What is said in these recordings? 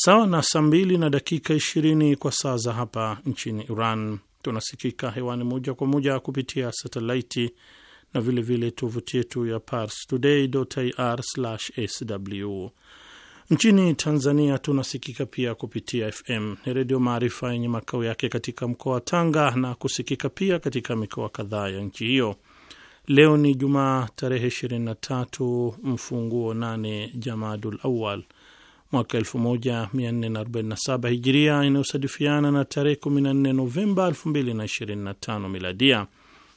sawa na saa mbili na dakika ishirini kwa saa za hapa nchini Iran. Tunasikika hewani moja kwa moja kupitia satelaiti na vilevile tovuti yetu ya parstoday.ir/sw. Nchini Tanzania tunasikika pia kupitia FM ni Redio Maarifa yenye makao yake katika mkoa wa Tanga na kusikika pia katika mikoa kadhaa ya nchi hiyo. Leo ni Jumaa tarehe 23 mfunguo 8 Jamadul Awal mwaka 1447 hijiria inayosadifiana na tarehe 14 Novemba 2025 miladia.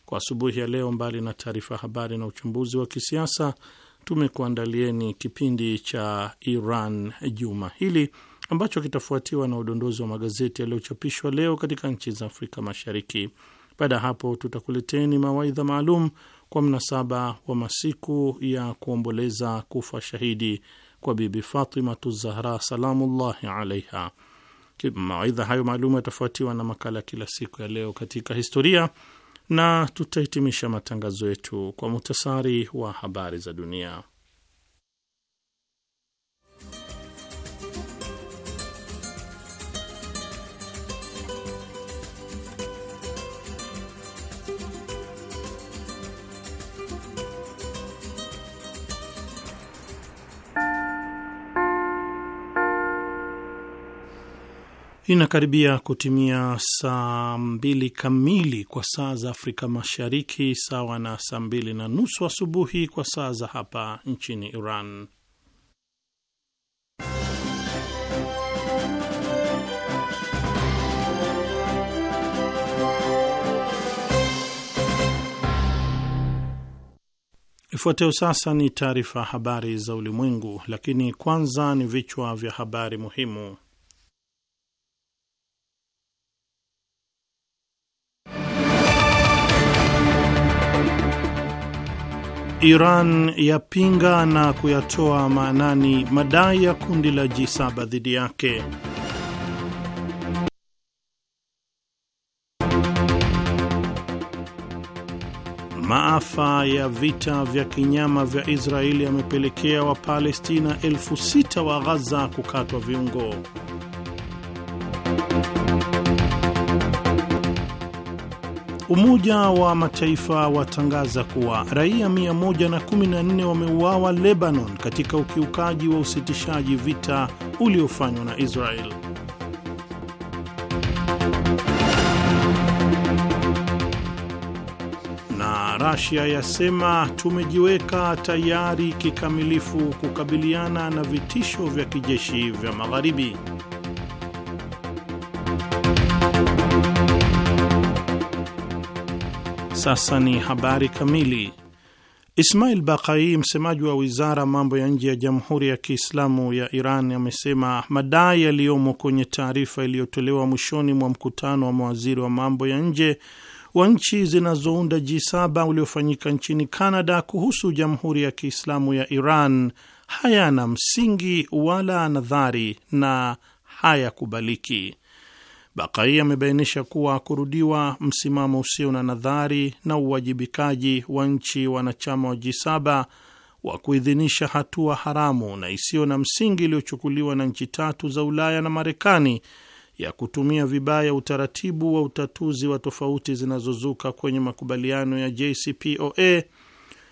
Kwa asubuhi ya leo, mbali na taarifa habari na uchambuzi wa kisiasa, tumekuandalieni kipindi cha Iran juma hili ambacho kitafuatiwa na udondozi wa magazeti yaliyochapishwa leo katika nchi za Afrika Mashariki. Baada ya hapo, tutakuleteni mawaidha maalum kwa mnasaba wa masiku ya kuomboleza kufa shahidi kwa Bibi Fatimatu Zahra salamullahi alaiha. Mawaidha hayo maalum yatafuatiwa na makala kila siku ya leo katika historia na tutahitimisha matangazo yetu kwa muhtasari wa habari za dunia. inakaribia kutimia saa mbili kamili kwa saa za Afrika Mashariki, sawa na saa mbili na nusu asubuhi kwa saa za hapa nchini Iran. Ifuatayo sasa ni taarifa habari za ulimwengu, lakini kwanza ni vichwa vya habari muhimu. Iran yapinga na kuyatoa maanani madai ya kundi la G7 dhidi yake. Maafa ya vita vya kinyama vya Israeli yamepelekea Wapalestina elfu sita wa Ghaza kukatwa viungo. Umoja wa Mataifa watangaza kuwa raia 114 wameuawa Lebanon katika ukiukaji wa usitishaji vita uliofanywa na Israel. Na Russia yasema tumejiweka tayari kikamilifu kukabiliana na vitisho vya kijeshi vya Magharibi. Sasa ni habari kamili. Ismail Bakai, msemaji wa wizara mambo ya nje ya Jamhuri ya Kiislamu ya Iran, amesema madai yaliyomo kwenye taarifa iliyotolewa mwishoni mwa mkutano wa mawaziri wa mambo ya nje wa nchi zinazounda G7 uliofanyika nchini Canada kuhusu Jamhuri ya Kiislamu ya Iran hayana msingi wala nadhari na hayakubaliki. Bakai amebainisha kuwa kurudiwa msimamo usio na nadhari na uwajibikaji wa nchi wanachama wa G7 wa kuidhinisha hatua haramu na isiyo na msingi iliyochukuliwa na nchi tatu za Ulaya na Marekani ya kutumia vibaya utaratibu wa utatuzi wa tofauti zinazozuka kwenye makubaliano ya JCPOA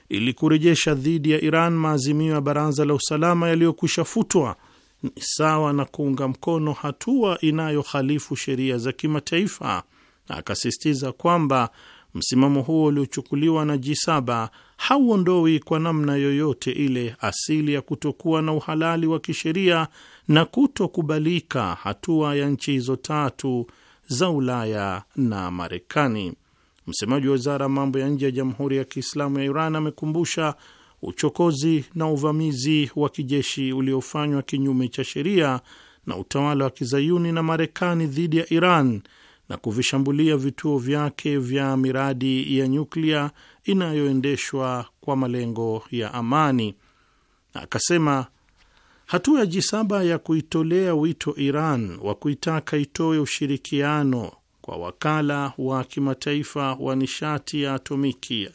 ili kurejesha dhidi ya Iran maazimio ya Baraza la Usalama yaliyokwisha futwa ni sawa na kuunga mkono hatua inayohalifu sheria za kimataifa, na akasisitiza kwamba msimamo huo uliochukuliwa na G7 hauondoi kwa namna yoyote ile asili ya kutokuwa na uhalali wa kisheria na kutokubalika hatua ya nchi hizo tatu za Ulaya na Marekani. Msemaji wa wizara ya mambo ya nje ya Jamhuri ya Kiislamu ya Iran amekumbusha uchokozi na uvamizi wa kijeshi uliofanywa kinyume cha sheria na utawala wa kizayuni na Marekani dhidi ya Iran na kuvishambulia vituo vyake vya miradi ya nyuklia inayoendeshwa kwa malengo ya amani. Na akasema hatua ya jisaba ya kuitolea wito Iran wa kuitaka itoe ushirikiano kwa wakala wa kimataifa wa nishati ya atomiki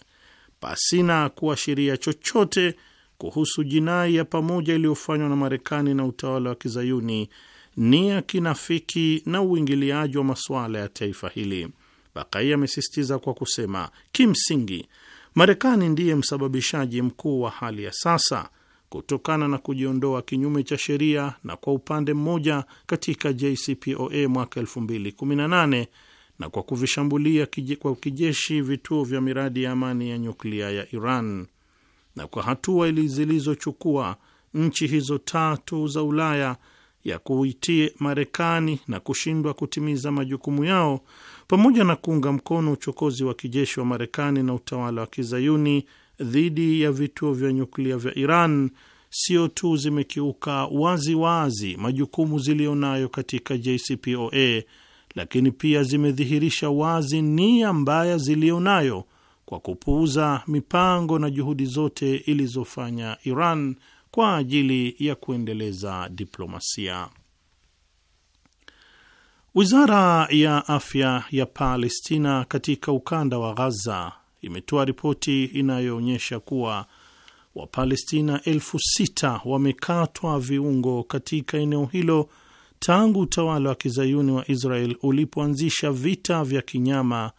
pasina kuashiria chochote kuhusu jinai ya pamoja iliyofanywa na Marekani na utawala wa kizayuni ni ya kinafiki na uingiliaji wa masuala ya taifa hili. Bakai amesisitiza kwa kusema, kimsingi Marekani ndiye msababishaji mkuu wa hali ya sasa kutokana na kujiondoa kinyume cha sheria na kwa upande mmoja katika JCPOA mwaka 2018 na kwa kuvishambulia kije, kwa kijeshi vituo vya miradi ya amani ya nyuklia ya Iran na kwa hatua zilizochukua nchi hizo tatu za Ulaya ya kuitia Marekani na kushindwa kutimiza majukumu yao, pamoja na kuunga mkono uchokozi wa kijeshi wa Marekani na utawala wa kizayuni dhidi ya vituo vya nyuklia vya Iran, sio tu zimekiuka waziwazi wazi majukumu ziliyonayo katika JCPOA lakini pia zimedhihirisha wazi nia mbaya ziliyo nayo kwa kupuuza mipango na juhudi zote ilizofanya Iran kwa ajili ya kuendeleza diplomasia. Wizara ya afya ya Palestina katika ukanda wa Ghaza imetoa ripoti inayoonyesha kuwa Wapalestina elfu sita wamekatwa viungo katika eneo hilo tangu utawala wa kizayuni wa Israel ulipoanzisha vita vya kinyama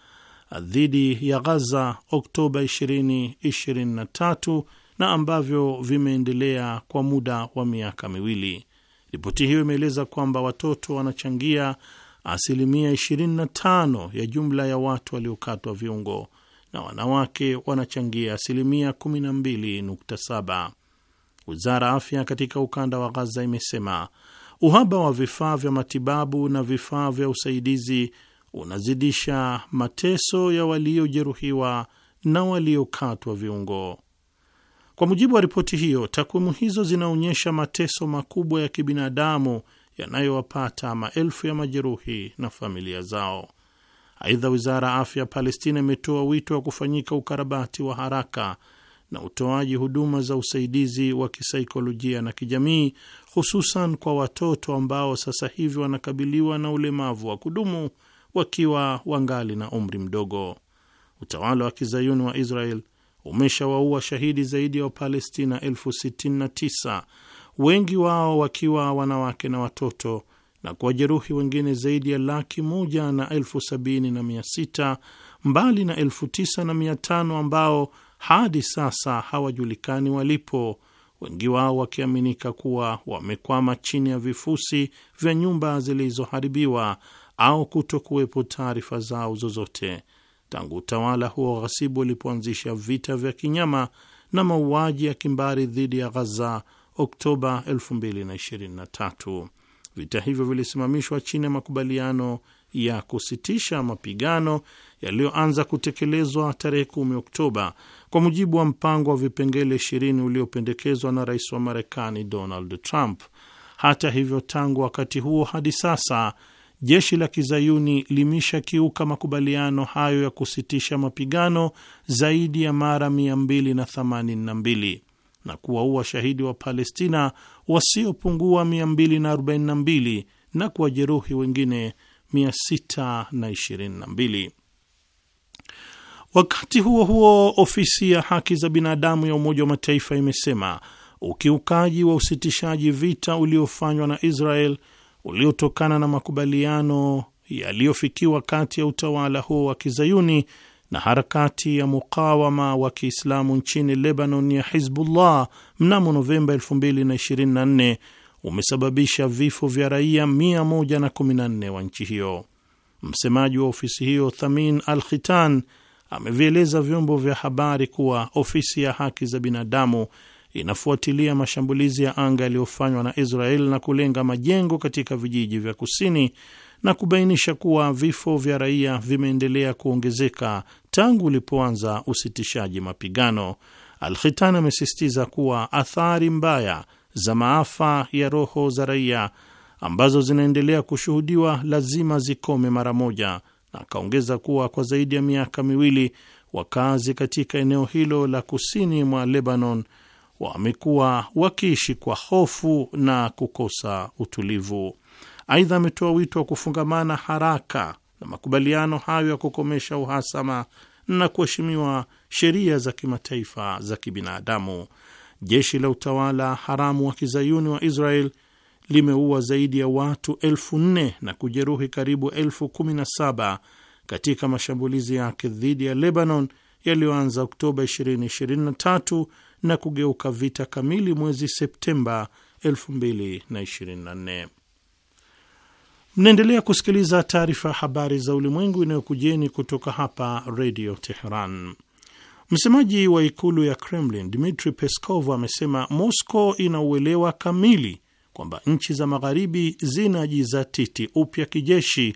dhidi ya Ghaza Oktoba 2023 na ambavyo vimeendelea kwa muda wa miaka miwili. Ripoti hiyo imeeleza kwamba watoto wanachangia asilimia 25 ya jumla ya watu waliokatwa viungo na wanawake wanachangia asilimia 12.7. Wizara ya afya katika ukanda wa Ghaza imesema Uhaba wa vifaa vya matibabu na vifaa vya usaidizi unazidisha mateso ya waliojeruhiwa na waliokatwa viungo. Kwa mujibu wa ripoti hiyo, takwimu hizo zinaonyesha mateso makubwa ya kibinadamu yanayowapata maelfu ya majeruhi na familia zao. Aidha, wizara ya afya ya Palestina imetoa wito wa kufanyika ukarabati wa haraka na utoaji huduma za usaidizi wa kisaikolojia na kijamii, hususan kwa watoto ambao sasa hivi wanakabiliwa na ulemavu wa kudumu wakiwa wangali na umri mdogo. Utawala wa kizayuni wa Israel umeshawaua shahidi zaidi ya wa Wapalestina elfu sitini na tisa, wengi wao wakiwa wanawake na watoto na kuwajeruhi wengine zaidi ya laki moja na elfu sabini na mia sita mbali na elfu tisa na mia tano ambao hadi sasa hawajulikani walipo, wengi wao wakiaminika kuwa wamekwama chini ya vifusi vya nyumba zilizoharibiwa au kutokuwepo taarifa zao zozote tangu utawala huo ghasibu ulipoanzisha vita vya kinyama na mauaji ya kimbari dhidi ya Ghaza Oktoba 2023. Vita hivyo vilisimamishwa chini ya makubaliano ya kusitisha mapigano yaliyoanza kutekelezwa tarehe 10 Oktoba kwa mujibu wa mpango wa vipengele 20 uliopendekezwa na rais wa Marekani Donald Trump. Hata hivyo, tangu wakati huo hadi sasa jeshi la kizayuni limeshakiuka makubaliano hayo ya kusitisha mapigano zaidi ya mara 282 na kuwaua shahidi wa Palestina wasiopungua 242 na kuwajeruhi wengine 622. Wakati huo huo, ofisi ya haki za binadamu ya Umoja wa Mataifa imesema ukiukaji wa usitishaji vita uliofanywa na Israel uliotokana na makubaliano yaliyofikiwa kati ya utawala huo wa kizayuni na harakati ya mukawama wa Kiislamu nchini Lebanon ya Hizbullah mnamo Novemba 2024 umesababisha vifo vya raia 114 wa nchi hiyo. Msemaji wa ofisi hiyo Thamin Al Khitan amevieleza vyombo vya habari kuwa ofisi ya haki za binadamu inafuatilia mashambulizi ya anga yaliyofanywa na Israel na kulenga majengo katika vijiji vya kusini na kubainisha kuwa vifo vya raia vimeendelea kuongezeka tangu ulipoanza usitishaji mapigano. Al-Khitan amesisitiza kuwa athari mbaya za maafa ya roho za raia ambazo zinaendelea kushuhudiwa lazima zikome mara moja na akaongeza kuwa kwa zaidi ya miaka miwili wakazi katika eneo hilo la kusini mwa Lebanon wamekuwa wakiishi kwa hofu na kukosa utulivu. Aidha, ametoa wito wa kufungamana haraka na makubaliano hayo ya kukomesha uhasama na kuheshimiwa sheria za kimataifa za kibinadamu. Jeshi la utawala haramu wa kizayuni wa Israel limeua zaidi ya watu elfu nne na kujeruhi karibu elfu kumi na saba katika mashambulizi yake dhidi ya Lebanon yaliyoanza Oktoba 2023 na kugeuka vita kamili mwezi Septemba 2024. Mnaendelea kusikiliza taarifa ya habari za ulimwengu inayokujeni kutoka hapa redio Teheran. Msemaji wa ikulu ya Kremlin Dmitri Peskov amesema Moscow inauelewa kamili kwamba nchi za Magharibi zinajizatiti upya kijeshi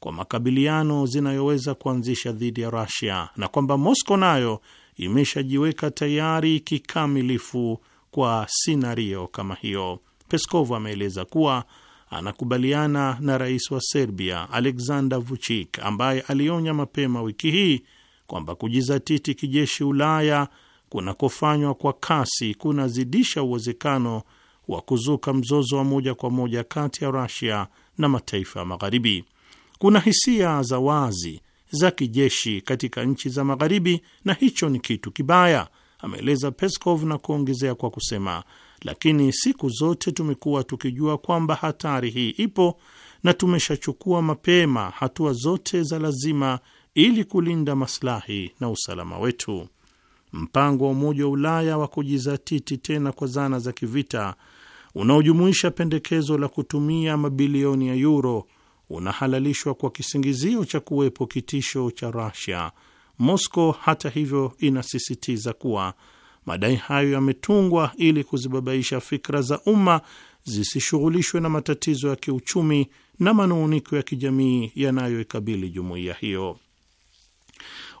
kwa makabiliano zinayoweza kuanzisha dhidi ya Rusia na kwamba Moscow nayo imeshajiweka tayari kikamilifu kwa sinario kama hiyo. Peskov ameeleza kuwa anakubaliana na rais wa Serbia Aleksandar Vuchik ambaye alionya mapema wiki hii kwamba kujizatiti kijeshi Ulaya kunakofanywa kwa kasi kunazidisha uwezekano wa kuzuka mzozo wa moja kwa moja kati ya rasia na mataifa ya Magharibi. Kuna hisia za wazi za kijeshi katika nchi za Magharibi, na hicho ni kitu kibaya, ameeleza Peskov na kuongezea kwa kusema, lakini siku zote tumekuwa tukijua kwamba hatari hii ipo na tumeshachukua mapema hatua zote za lazima ili kulinda maslahi na usalama wetu. Mpango wa Umoja wa Ulaya wa kujizatiti tena kwa zana za kivita unaojumuisha pendekezo la kutumia mabilioni ya yuro unahalalishwa kwa kisingizio cha kuwepo kitisho cha rasia Moscow hata hivyo inasisitiza kuwa madai hayo yametungwa ili kuzibabaisha fikra za umma zisishughulishwe na matatizo ya kiuchumi na manung'uniko ya kijamii yanayoikabili jumuiya hiyo.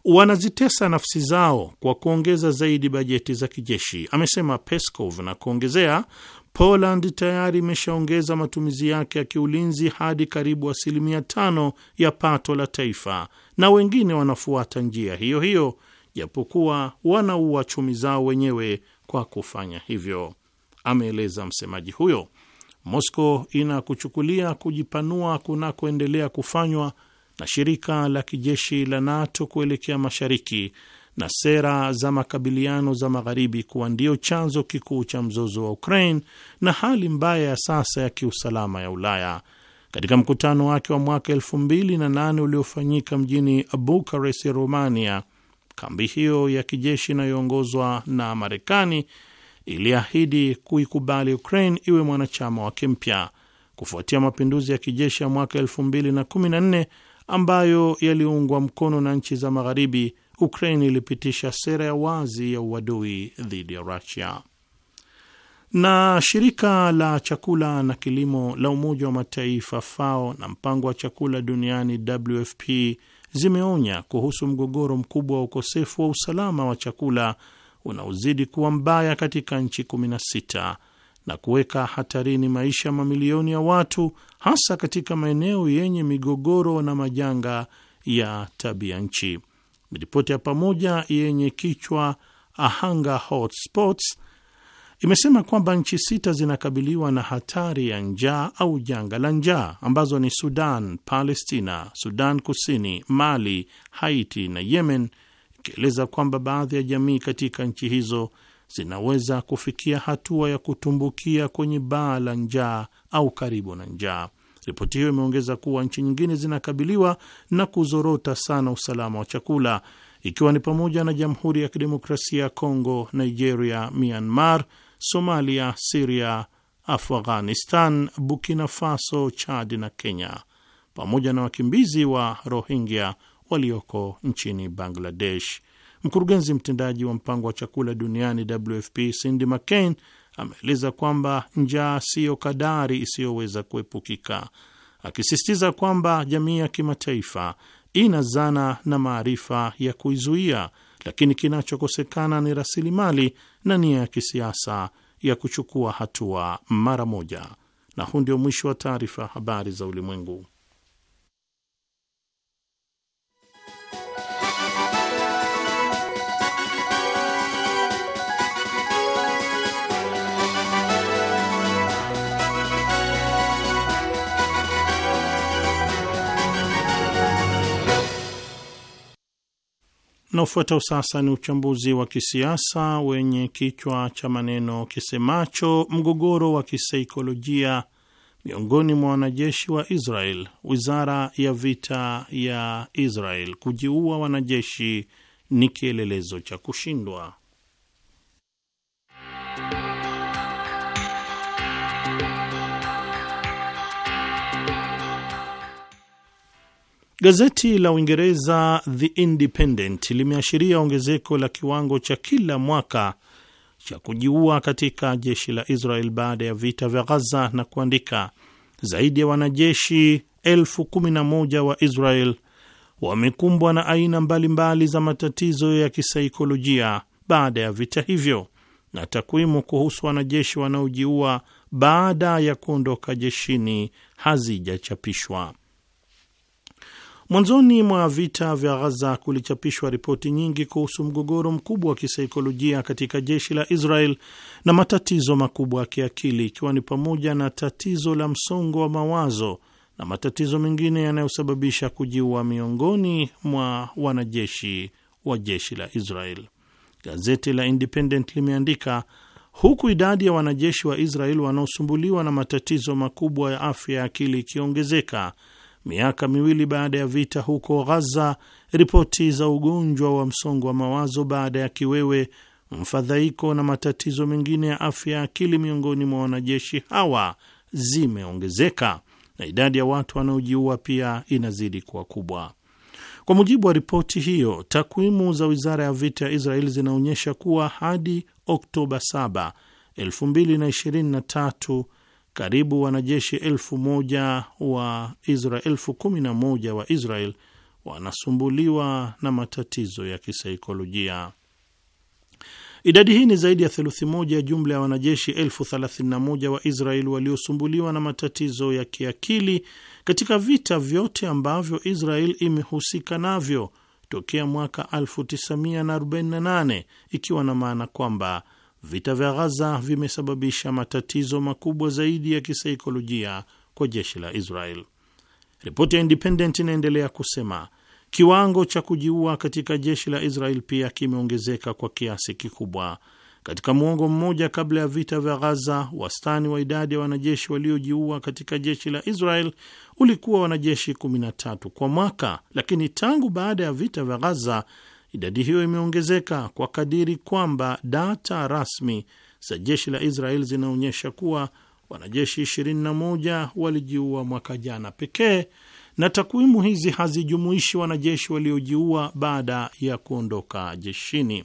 Wanazitesa nafsi zao kwa kuongeza zaidi bajeti za kijeshi, amesema Peskov, na kuongezea, Poland tayari imeshaongeza matumizi yake ya kiulinzi hadi karibu asilimia tano ya pato la taifa, na wengine wanafuata njia hiyo hiyo, japokuwa wanaua chumi zao wenyewe kwa kufanya hivyo, ameeleza msemaji huyo. Moscow inakuchukulia kujipanua kunakoendelea kufanywa na shirika la kijeshi la NATO kuelekea mashariki na sera za makabiliano za Magharibi kuwa ndio chanzo kikuu cha mzozo wa Ukraine na hali mbaya ya sasa ya kiusalama ya Ulaya. Katika mkutano wake wa mwaka elfu mbili na nane uliofanyika mjini Bucharest, Romania, kambi hiyo ya kijeshi inayoongozwa na, na Marekani iliahidi kuikubali Ukraine iwe mwanachama wake mpya kufuatia mapinduzi ya kijeshi ya mwaka elfu mbili na kumi na nne ambayo yaliungwa mkono na nchi za Magharibi. Ukraine ilipitisha sera ya wazi ya uadui dhidi ya Rusia. Na shirika la chakula na kilimo la Umoja wa Mataifa FAO na mpango wa chakula duniani WFP zimeonya kuhusu mgogoro mkubwa wa ukosefu wa usalama wa chakula unaozidi kuwa mbaya katika nchi 16 na kuweka hatarini maisha mamilioni ya watu hasa katika maeneo yenye migogoro na majanga ya tabia nchi. Ripoti ya pamoja yenye kichwa Ahanga Hotspots imesema kwamba nchi sita zinakabiliwa na hatari ya njaa au janga la njaa ambazo ni Sudan, Palestina, Sudan Kusini, Mali, Haiti na Yemen, ikieleza kwamba baadhi ya jamii katika nchi hizo zinaweza kufikia hatua ya kutumbukia kwenye baa la njaa au karibu na njaa. Ripoti hiyo imeongeza kuwa nchi nyingine zinakabiliwa na kuzorota sana usalama wa chakula ikiwa ni pamoja na Jamhuri ya Kidemokrasia ya Kongo, Nigeria, Myanmar, Somalia, Siria, Afghanistan, Burkina Faso, Chad na Kenya, pamoja na wakimbizi wa Rohingya walioko nchini Bangladesh. Mkurugenzi mtendaji wa mpango wa chakula duniani WFP Cindy McCain ameeleza kwamba njaa siyo kadari isiyoweza kuepukika, akisisitiza kwamba jamii ya kimataifa ina zana na maarifa ya kuizuia, lakini kinachokosekana ni rasilimali na nia ya kisiasa ya kuchukua hatua mara moja. Na huu ndio mwisho wa taarifa habari za ulimwengu. Unaofuata sasa ni uchambuzi wa kisiasa wenye kichwa cha maneno kisemacho mgogoro wa kisaikolojia miongoni mwa wanajeshi wa Israel, wizara ya vita ya Israel, kujiua wanajeshi ni kielelezo cha kushindwa. Gazeti la Uingereza The Independent limeashiria ongezeko la kiwango cha kila mwaka cha kujiua katika jeshi la Israel baada ya vita vya Ghaza na kuandika zaidi ya wanajeshi elfu kumi na moja wa Israel wamekumbwa na aina mbalimbali mbali za matatizo ya kisaikolojia baada ya vita hivyo, na takwimu kuhusu wanajeshi wanaojiua baada ya kuondoka jeshini hazijachapishwa. Mwanzoni mwa vita vya Ghaza kulichapishwa ripoti nyingi kuhusu mgogoro mkubwa wa kisaikolojia katika jeshi la Israel na matatizo makubwa ya kiakili, ikiwa ni pamoja na tatizo la msongo wa mawazo na matatizo mengine yanayosababisha kujiua miongoni mwa wanajeshi wa jeshi la Israel. Gazeti la Independent limeandika huku idadi ya wanajeshi wa Israel wanaosumbuliwa na matatizo makubwa ya afya ya akili ikiongezeka miaka miwili baada ya vita huko Ghaza, ripoti za ugonjwa wa msongo wa mawazo baada ya kiwewe, mfadhaiko na matatizo mengine ya afya ya akili miongoni mwa wanajeshi hawa zimeongezeka na idadi ya watu wanaojiua pia inazidi kuwa kubwa. Kwa mujibu wa ripoti hiyo, takwimu za wizara ya vita ya Israel zinaonyesha kuwa hadi Oktoba 7, 2023 karibu wanajeshi elfu moja wa Israel, elfu kumi na moja wa Israel wanasumbuliwa na matatizo ya kisaikolojia. Idadi hii ni zaidi ya theluthi moja ya jumla ya wanajeshi elfu thelathini na moja wa Israel waliosumbuliwa na matatizo ya kiakili katika vita vyote ambavyo Israel imehusika navyo tokea mwaka 1948 ikiwa na maana kwamba vita vya Ghaza vimesababisha matatizo makubwa zaidi ya kisaikolojia kwa jeshi la Israel. Ripoti ya Independent inaendelea kusema kiwango cha kujiua katika jeshi la Israel pia kimeongezeka kwa kiasi kikubwa. Katika muongo mmoja kabla ya vita vya Ghaza, wastani wa idadi ya wanajeshi waliojiua katika jeshi la Israel ulikuwa wanajeshi 13 kwa mwaka, lakini tangu baada ya vita vya Ghaza Idadi hiyo imeongezeka kwa kadiri kwamba data rasmi za jeshi la Israel zinaonyesha kuwa wanajeshi 21 walijiua mwaka jana pekee, na takwimu hizi hazijumuishi wanajeshi waliojiua baada ya kuondoka jeshini.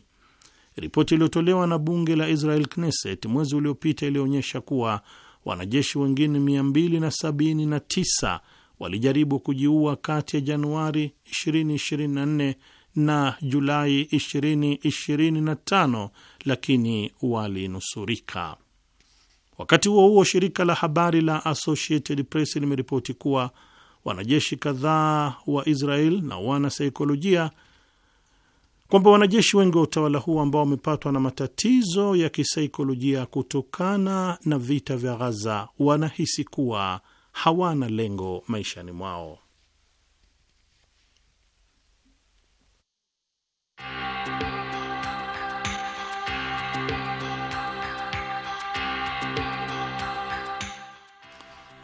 Ripoti iliyotolewa na bunge la Israel Knesset mwezi uliopita ilionyesha kuwa wanajeshi wengine 279 walijaribu kujiua kati ya Januari 2024 na Julai 2025 lakini walinusurika. Wakati huo huo, shirika la habari la Associated Press limeripoti kuwa wanajeshi kadhaa wa Israel na wanasaikolojia kwamba wanajeshi wengi wa utawala huo ambao wamepatwa na matatizo ya kisaikolojia kutokana na vita vya Ghaza wanahisi kuwa hawana lengo maishani mwao.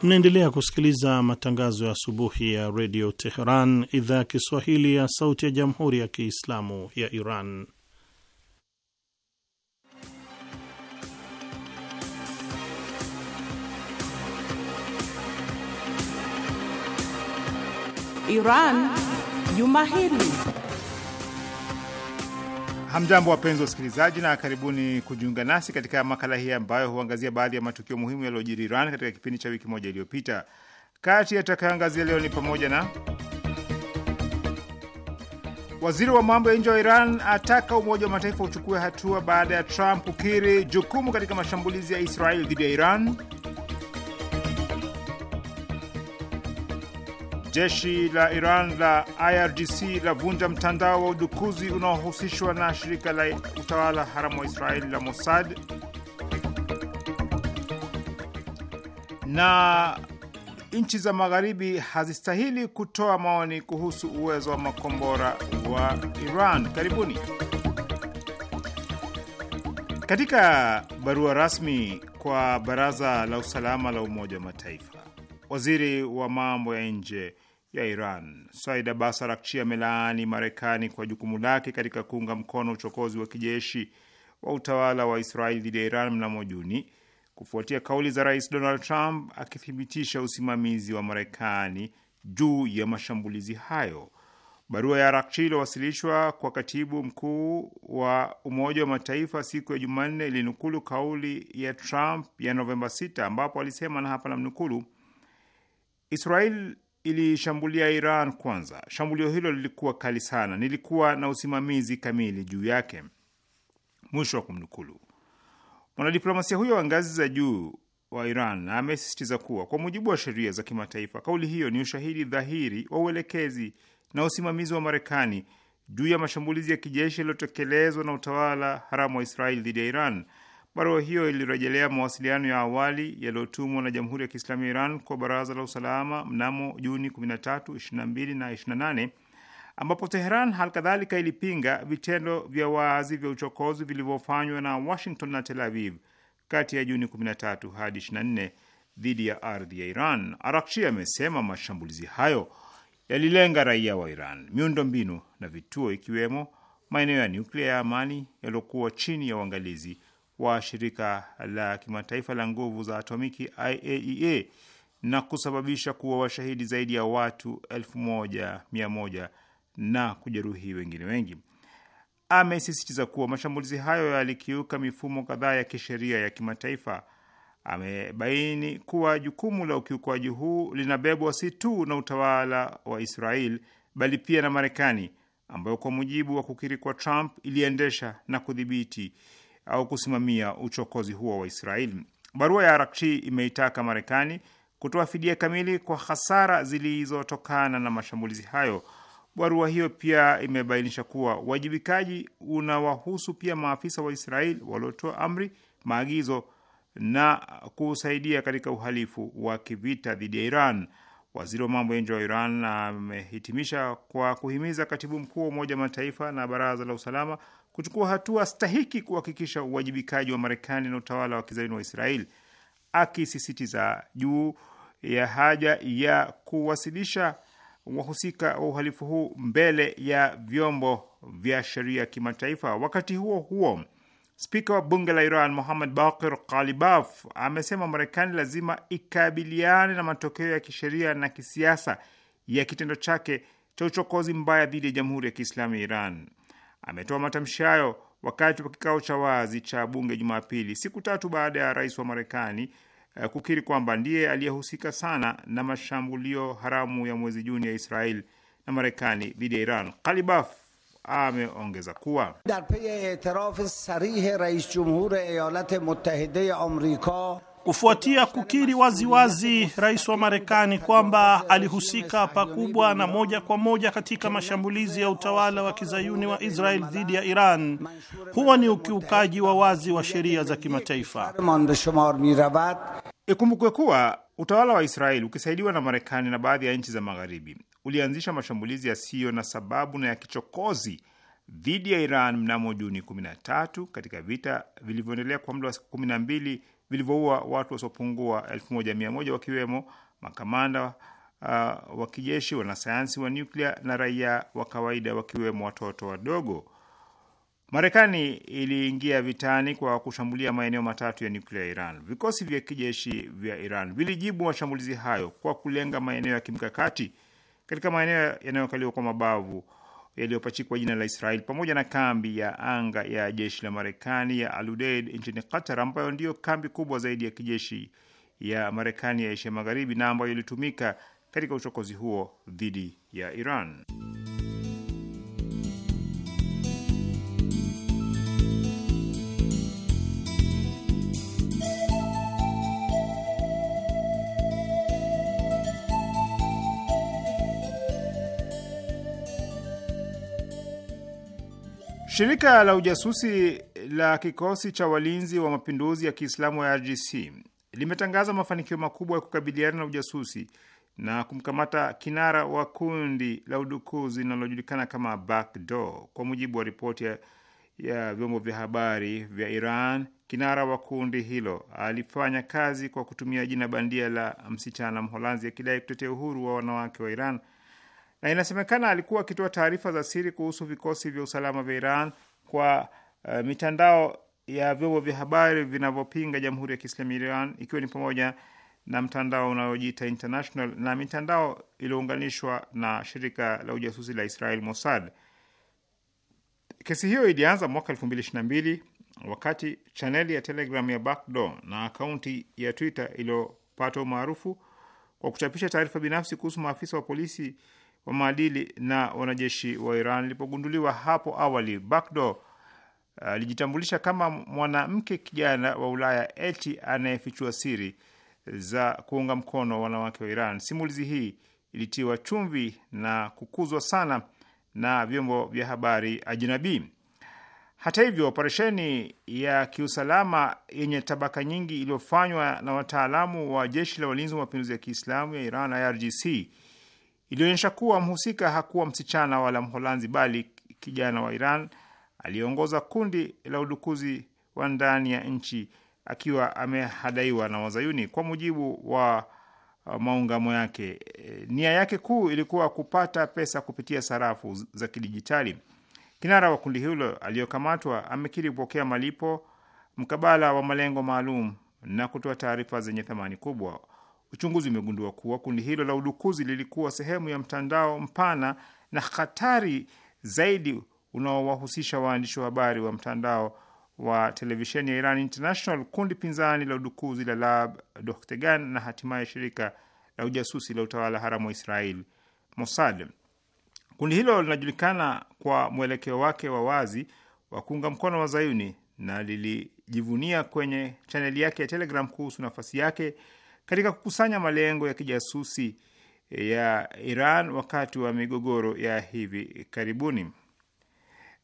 Mnaendelea kusikiliza matangazo ya asubuhi ya redio Teheran, idhaa ya Kiswahili ya sauti ya jamhuri ya kiislamu ya Iran. Iran Juma Hili. Hamjambo, wapenzi wa usikilizaji, na karibuni kujiunga nasi katika makala hii ambayo huangazia baadhi ya matukio muhimu yaliyojiri Iran katika kipindi cha wiki moja iliyopita. Kati yatakayoangazia leo ni pamoja na waziri wa mambo ya nje wa Iran ataka Umoja wa Mataifa uchukue hatua baada ya Trump kukiri jukumu katika mashambulizi ya Israeli dhidi ya Iran. Jeshi la Iran la IRGC lavunja mtandao wa udukuzi unaohusishwa na shirika la utawala haramu wa Israeli la Mossad. Na nchi za magharibi hazistahili kutoa maoni kuhusu uwezo wa makombora wa Iran. Karibuni. Katika barua rasmi kwa Baraza la Usalama la Umoja wa Mataifa, Waziri wa mambo ya nje ya Iran Said Abbas Arakchi amelaani Marekani kwa jukumu lake katika kuunga mkono uchokozi wa kijeshi wa utawala wa Israeli dhidi ya Iran mnamo Juni kufuatia kauli za Rais Donald Trump akithibitisha usimamizi wa Marekani juu ya mashambulizi hayo. Barua ya Arakchi iliyowasilishwa kwa katibu mkuu wa Umoja wa Mataifa siku ya Jumanne ilinukulu kauli ya Trump ya Novemba 6 ambapo alisema na hapa namnukulu Israel ilishambulia Iran kwanza. Shambulio hilo lilikuwa kali sana, nilikuwa na usimamizi kamili juu yake, mwisho wa kumnukulu. Mwanadiplomasia huyo wa ngazi za juu wa Iran amesisitiza kuwa kwa mujibu wa sheria za kimataifa, kauli hiyo ni ushahidi dhahiri wa uelekezi na usimamizi wa Marekani juu ya mashambulizi ya kijeshi yaliyotekelezwa na utawala haramu wa Israel dhidi ya Iran Barua hiyo ilirejelea mawasiliano ya awali yaliyotumwa na Jamhuri ya Kiislamu ya Iran kwa Baraza la Usalama mnamo Juni 13, 22 na 28, ambapo Teheran halikadhalika ilipinga vitendo vya wazi vya uchokozi vilivyofanywa na Washington na Tel Aviv kati ya Juni 13 hadi 24 dhidi ya ardhi ya Iran. Arakshi amesema mashambulizi hayo yalilenga raia wa Iran, miundombinu na vituo, ikiwemo maeneo ya nyuklia ya amani yaliyokuwa chini ya uangalizi wa shirika la kimataifa la nguvu za atomiki IAEA e na kusababisha kuwa washahidi zaidi ya watu elfu moja mia moja na kujeruhi wengine wengi. Amesisitiza kuwa mashambulizi hayo yalikiuka mifumo kadhaa ya kisheria ya kimataifa. Amebaini kuwa jukumu la ukiukwaji huu linabebwa si tu na utawala wa Israel bali pia na Marekani ambayo kwa mujibu wa kukiri kwa Trump iliendesha na kudhibiti au kusimamia uchokozi huo wa Israeli. Barua ya Arakchi imeitaka Marekani kutoa fidia kamili kwa hasara zilizotokana na mashambulizi hayo. Barua hiyo pia imebainisha kuwa uwajibikaji unawahusu pia maafisa wa Israeli waliotoa amri, maagizo na kusaidia katika uhalifu wa kivita dhidi ya Iran. Waziri wa mambo ya nje wa Iran amehitimisha kwa kuhimiza katibu mkuu wa Umoja wa Mataifa na Baraza la Usalama kuchukua hatua stahiki kuhakikisha uwajibikaji wa Marekani na utawala wa kizayuni wa Israeli, akisisitiza juu ya haja ya kuwasilisha wahusika wa uhalifu huu mbele ya vyombo vya sheria kimataifa. Wakati huo huo, spika wa bunge la Iran Muhammad Bakir Kalibaf amesema Marekani lazima ikabiliane na matokeo ya kisheria na kisiasa ya kitendo chake cha uchokozi mbaya dhidi ya Jamhuri ya Kiislamu ya Iran ametoa matamshi hayo wakati wa kikao cha wazi cha bunge Jumapili, siku tatu baada ya rais wa Marekani eh, kukiri kwamba ndiye aliyehusika sana na mashambulio haramu ya mwezi Juni ya Israel na Marekani dhidi ya Iran. Kalibaf ameongeza kuwa dar pey e'tiraf eh, sarih rais jumhur eh, eyalat mutahide amrika kufuatia kukiri waziwazi wazi rais wa Marekani kwamba alihusika pakubwa na moja kwa moja katika mashambulizi ya utawala wa kizayuni wa Israel dhidi ya Iran. Huo ni ukiukaji wa wazi wa sheria za kimataifa. Ikumbukwe kuwa utawala wa Israeli ukisaidiwa na Marekani na baadhi ya nchi za Magharibi ulianzisha mashambulizi yasiyo na sababu na ya kichokozi dhidi ya Iran mnamo Juni 13 katika vita vilivyoendelea kwa muda wa siku 12 vilivyoua watu wasiopungua 1100 wakiwemo makamanda uh, wa kijeshi, wanasayansi wa nyuklia na raia wa kawaida wakiwemo watoto wadogo. Marekani iliingia vitani kwa kushambulia maeneo matatu ya nyuklia ya Iran. Vikosi vya kijeshi vya Iran vilijibu mashambulizi hayo kwa kulenga maeneo ya kimkakati katika maeneo yanayokaliwa kwa mabavu yaliyopachikwa jina la Israel pamoja na kambi ya anga ya jeshi la Marekani ya Aludeid nchini Qatar, ambayo ndiyo kambi kubwa zaidi ya kijeshi ya Marekani ya Asia Magharibi na ambayo ilitumika katika uchokozi huo dhidi ya Iran. Shirika la ujasusi la kikosi cha walinzi wa mapinduzi ya Kiislamu ya IRGC limetangaza mafanikio makubwa ya kukabiliana na ujasusi na kumkamata kinara wa kundi la udukuzi linalojulikana kama backdoor. Kwa mujibu wa ripoti ya, ya vyombo vya habari vya Iran, kinara wa kundi hilo alifanya kazi kwa kutumia jina bandia la msichana Mholanzi akidai kutetea uhuru wa wanawake wa Iran na inasemekana alikuwa akitoa taarifa za siri kuhusu vikosi vya usalama vya Iran kwa uh, mitandao ya vyombo vya habari vinavyopinga Jamhuri ya Kiislamu Iran ikiwa ni pamoja na mtandao unaojiita International na mitandao iliyounganishwa na shirika la ujasusi la Israel Mossad. Kesi hiyo ilianza mwaka mbili wakati chaneli ya Telegram ya Backdoor na akaunti ya Twitter iliyopata umaarufu kwa kuchapisha taarifa binafsi kuhusu maafisa wa polisi wa maadili na wanajeshi wa Iran lilipogunduliwa hapo awali, Bakdo uh, alijitambulisha uh, kama mwanamke kijana wa Ulaya eti anayefichua siri za kuunga mkono wanawake wa Iran. Simulizi hii ilitiwa chumvi na kukuzwa sana na vyombo vya habari ajinabii. Hata hivyo, operesheni ya kiusalama yenye tabaka nyingi iliyofanywa na wataalamu wa jeshi la walinzi wa mapinduzi ya Kiislamu ya Iran IRGC ilionyesha kuwa mhusika hakuwa msichana wala Mholanzi bali kijana wa Iran aliyeongoza kundi la udukuzi wa ndani ya nchi akiwa amehadaiwa na Wazayuni. Kwa mujibu wa uh, maungamo yake, eh, nia yake kuu ilikuwa kupata pesa kupitia sarafu za kidijitali. Kinara wa kundi hilo aliyokamatwa amekiri kupokea malipo mkabala wa malengo maalum na kutoa taarifa zenye thamani kubwa. Uchunguzi umegundua kuwa kundi hilo la udukuzi lilikuwa sehemu ya mtandao mpana na hatari zaidi unaowahusisha waandishi wa habari wa mtandao wa televisheni ya Iran International, kundi pinzani la udukuzi la Lab dohtegan na hatimaye shirika la ujasusi la utawala haramu wa Israel Mossad. Kundi hilo linajulikana kwa mwelekeo wake wa wazi wa kuunga mkono wa Zayuni na lilijivunia kwenye chaneli yake ya Telegram kuhusu nafasi yake katika kukusanya malengo ya kijasusi e, ya Iran wakati wa migogoro ya hivi karibuni.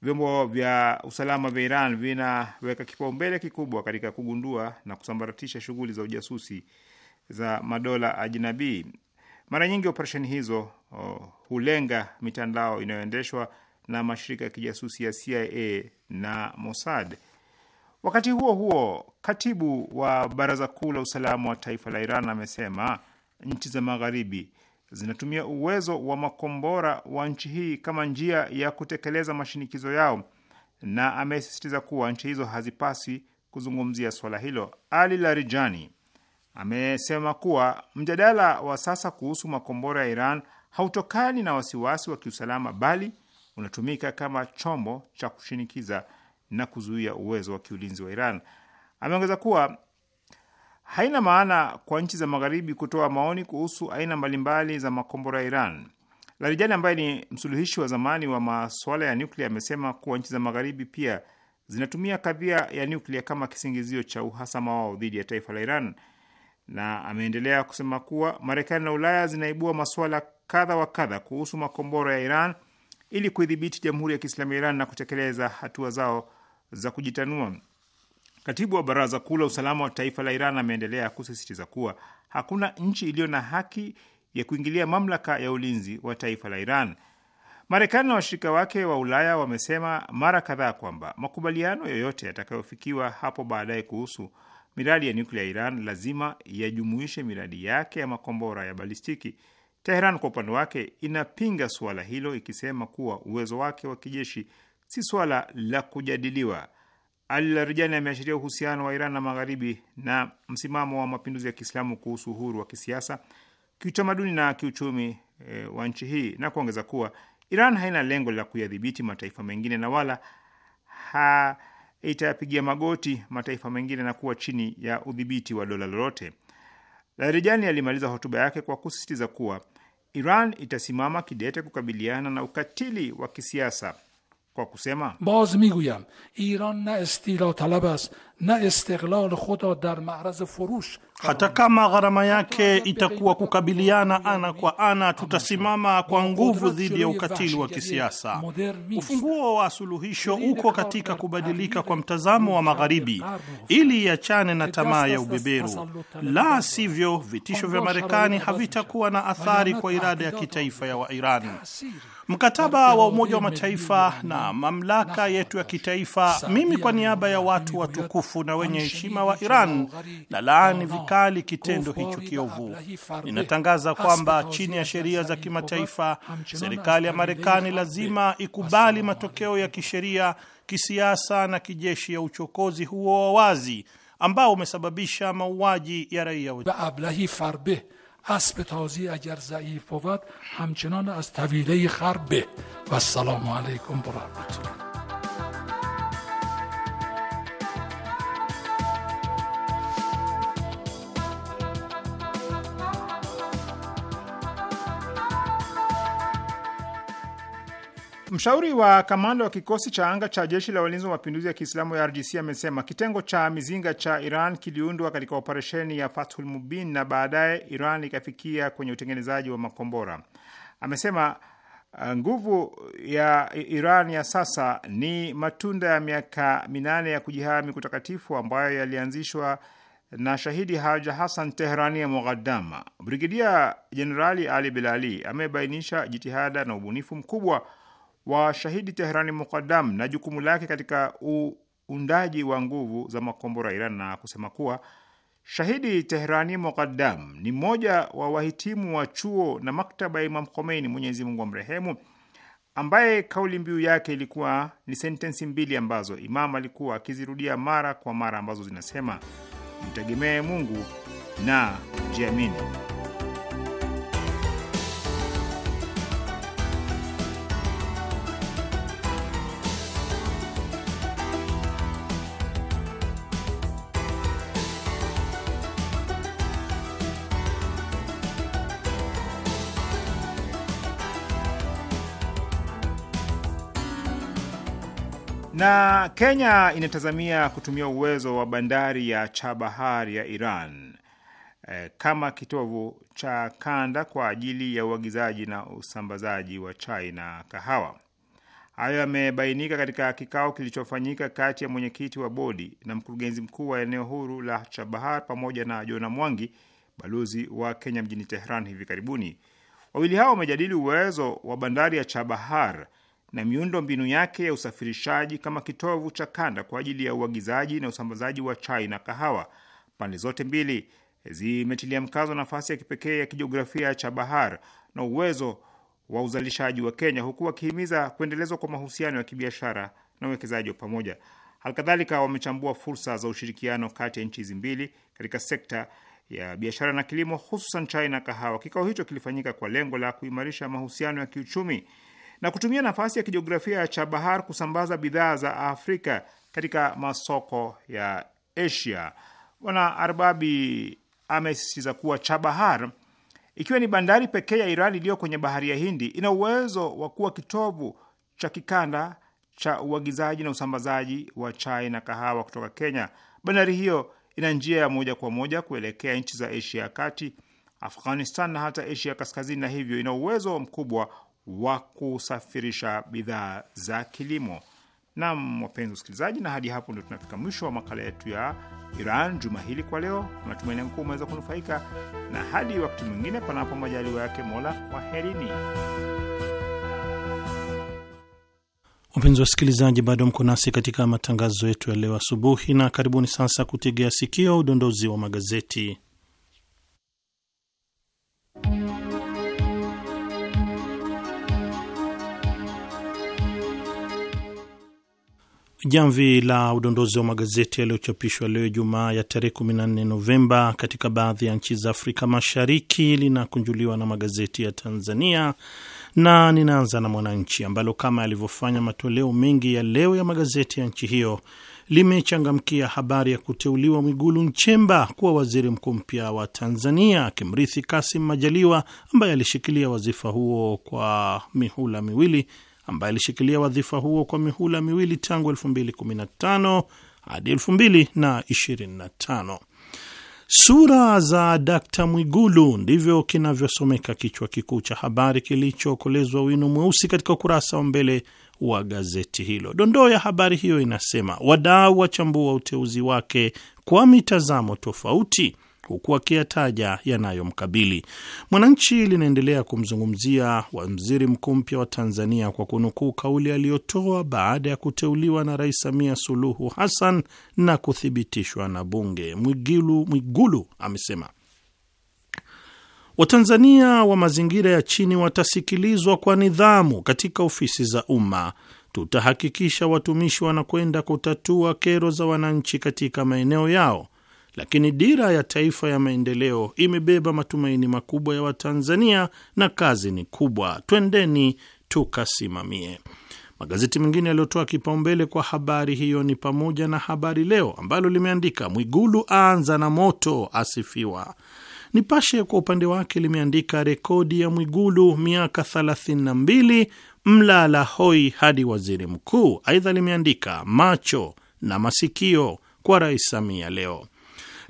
Vyombo vya usalama vya Iran vinaweka kipaumbele kikubwa katika kugundua na kusambaratisha shughuli za ujasusi za madola ajinabii. Mara nyingi operesheni hizo oh, hulenga mitandao inayoendeshwa na mashirika ya kijasusi ya CIA na Mossad. Wakati huo huo, katibu wa baraza kuu la usalama wa taifa la Iran amesema nchi za magharibi zinatumia uwezo wa makombora wa nchi hii kama njia ya kutekeleza mashinikizo yao, na amesisitiza kuwa nchi hizo hazipaswi kuzungumzia swala hilo. Ali Larijani amesema kuwa mjadala wa sasa kuhusu makombora ya Iran hautokani na wasiwasi wa kiusalama, bali unatumika kama chombo cha kushinikiza na kuzuia uwezo wa kiulinzi wa Iran. Ameongeza kuwa haina maana kwa nchi za Magharibi kutoa maoni kuhusu aina mbalimbali za makombora ya Iran. Larijani ambaye ni msuluhishi wa zamani wa masuala ya nuklia amesema kuwa nchi za Magharibi pia zinatumia kadhia ya nuklia kama kisingizio cha uhasama wao dhidi ya taifa la Iran, na ameendelea kusema kuwa Marekani na Ulaya zinaibua masuala kadha wa kadha kuhusu makombora ya Iran ili kuidhibiti Jamhuri ya Kiislamu ya Iran na kutekeleza hatua zao za kujitanua. Katibu wa Baraza Kuu la Usalama wa Taifa la Iran ameendelea kusisitiza kuwa hakuna nchi iliyo na haki ya kuingilia mamlaka ya ulinzi wa taifa la Iran. Marekani na washirika wake wa Ulaya wamesema mara kadhaa kwamba makubaliano yoyote yatakayofikiwa hapo baadaye kuhusu miradi ya nyuklia ya Iran lazima yajumuishe miradi yake ya makombora ya balistiki. Teheran kwa upande wake inapinga suala hilo ikisema kuwa uwezo wake wa kijeshi si swala la kujadiliwa. Ali Larijani ameashiria uhusiano wa Iran na Magharibi na msimamo wa mapinduzi ya Kiislamu kuhusu uhuru wa kisiasa, kiutamaduni na kiuchumi e, wa nchi hii na kuongeza kuwa Iran haina lengo la kuyadhibiti mataifa mengine na wala ha itayapigia magoti mataifa mengine na kuwa chini ya udhibiti wa dola lolote. Larijani alimaliza hotuba yake kwa kusisitiza kuwa Iran itasimama kidete kukabiliana na ukatili wa kisiasa kwa kusema, baz miguyam iran na istila talab ast na istiglal khuda dar maraz furush, hata kama gharama yake itakuwa kukabiliana ana kwa ana, tutasimama kwa nguvu dhidi ya ukatili wa kisiasa. Ufunguo wa suluhisho uko katika kubadilika kwa mtazamo wa Magharibi ili iachane na tamaa ya ubeberu, la sivyo vitisho vya Marekani havitakuwa na athari kwa irada ya kitaifa ya Wairan mkataba wa Umoja wa Mataifa na mamlaka yetu ya kitaifa, mimi kwa niaba ya watu watukufu na wenye heshima wa Iran na laani vikali kitendo hicho kiovu. Ninatangaza kwamba chini ya sheria za kimataifa, serikali ya Marekani lazima ikubali matokeo ya kisheria, kisiasa na kijeshi ya uchokozi huo wa wazi ambao umesababisha mauaji ya raia wetu. اسب تازی اگر ضعیف بود همچنان از طویله خر به و السلام علیکم و Mshauri wa kamanda wa kikosi cha anga cha jeshi la walinzi wa mapinduzi ya Kiislamu ya RGC amesema kitengo cha mizinga cha Iran kiliundwa katika operesheni ya Fathul Mubin na baadaye Iran ikafikia kwenye utengenezaji wa makombora. Amesema eh, nguvu ya Iran ya sasa ni matunda ya miaka minane ya kujihami kutakatifu ambayo yalianzishwa na shahidi Haja Hassan Tehrani ya Mughaddam. Brigedia Jenerali Ali Bilali amebainisha jitihada na ubunifu mkubwa wa shahidi Tehrani Mukaddam na jukumu lake katika uundaji wa nguvu za makombora Iran na kusema kuwa shahidi Tehrani Mukaddam ni mmoja wa wahitimu wa chuo na maktaba ya Imam Khomeini, Mwenyezi Mungu amrehemu, ambaye kauli mbiu yake ilikuwa ni sentensi mbili ambazo Imam alikuwa akizirudia mara kwa mara ambazo zinasema mtegemee Mungu na jiamini. Na Kenya inatazamia kutumia uwezo wa bandari ya Chabahar ya Iran e, kama kitovu cha kanda kwa ajili ya uagizaji na usambazaji wa chai na kahawa. Hayo yamebainika katika kikao kilichofanyika kati ya mwenyekiti wa bodi na mkurugenzi mkuu wa eneo huru la Chabahar pamoja na Jona Mwangi, balozi wa Kenya mjini Tehran hivi karibuni. Wawili hao wamejadili uwezo wa bandari ya Chabahar na miundo mbinu yake ya usafirishaji kama kitovu cha kanda kwa ajili ya uagizaji na usambazaji wa chai na kahawa. Pande zote mbili zimetilia mkazo nafasi ya kipekee ya kijiografia cha bahar na uwezo wa uzalishaji wa Kenya, huku wakihimiza kuendelezwa kwa mahusiano ya kibiashara na uwekezaji wa pamoja. Halikadhalika, wamechambua fursa za ushirikiano kati ya nchi hizi mbili katika sekta ya biashara na kilimo, hususan chai na kahawa. Kikao hicho kilifanyika kwa lengo la kuimarisha mahusiano ya kiuchumi na kutumia nafasi ya kijiografia ya Chabahar kusambaza bidhaa za Afrika katika masoko ya Asia. Bwana Arbabi amesisitiza kuwa Chabahar, ikiwa ni bandari pekee ya Iran iliyo kwenye bahari ya Hindi, ina uwezo wa kuwa kitovu cha kikanda cha uagizaji na usambazaji wa chai na kahawa kutoka Kenya. Bandari hiyo ina njia ya moja kwa moja kuelekea nchi za Asia ya kati, Afghanistan na hata Asia kaskazini, na hivyo ina uwezo mkubwa wa kusafirisha bidhaa za kilimo. Nam, wapenzi wasikilizaji, na hadi hapo ndio tunafika mwisho wa makala yetu ya Iran juma hili kwa leo. Natumaini mkuu umeweza kunufaika, na hadi wakati mwingine, panapo majaliwa yake Mola, kwaherini. Wapenzi wasikilizaji, bado mko nasi katika matangazo yetu ya leo asubuhi, na karibuni sasa kutegea sikio udondozi wa magazeti. jamvi la udondozi wa magazeti yaliyochapishwa leo Ijumaa ya tarehe 14 Novemba katika baadhi ya nchi za Afrika Mashariki linakunjuliwa na magazeti ya Tanzania na ninaanza na Mwananchi ambalo kama yalivyofanya matoleo mengi ya leo ya magazeti ya nchi hiyo limechangamkia habari ya kuteuliwa Mwigulu Nchemba kuwa waziri mkuu mpya wa Tanzania akimrithi Kasim Majaliwa ambaye alishikilia wazifa huo kwa mihula miwili ambaye alishikilia wadhifa huo kwa mihula miwili tangu 2015 hadi 2025. Sura za Dkt Mwigulu, ndivyo kinavyosomeka kichwa kikuu cha habari kilichookolezwa wino mweusi katika ukurasa wa mbele wa gazeti hilo. Dondoo ya habari hiyo inasema wadau wachambua uteuzi wake kwa mitazamo tofauti, huku akiyataja yanayomkabili mwananchi. Linaendelea kumzungumzia waziri mkuu mpya wa Tanzania kwa kunukuu kauli aliyotoa baada ya kuteuliwa na Rais Samia Suluhu Hassan na kuthibitishwa na Bunge. Mwigulu, Mwigulu amesema Watanzania wa mazingira ya chini watasikilizwa kwa nidhamu katika ofisi za umma. Tutahakikisha watumishi wanakwenda kutatua kero za wananchi katika maeneo yao lakini dira ya taifa ya maendeleo imebeba matumaini makubwa ya Watanzania na kazi ni kubwa. Twendeni tukasimamie. Magazeti mengine yaliyotoa kipaumbele kwa habari hiyo ni pamoja na Habari Leo ambalo limeandika Mwigulu aanza na moto asifiwa. Nipashe kwa upande wake limeandika rekodi ya Mwigulu miaka 32 mlala hoi hadi waziri mkuu. Aidha limeandika macho na masikio kwa Rais Samia leo.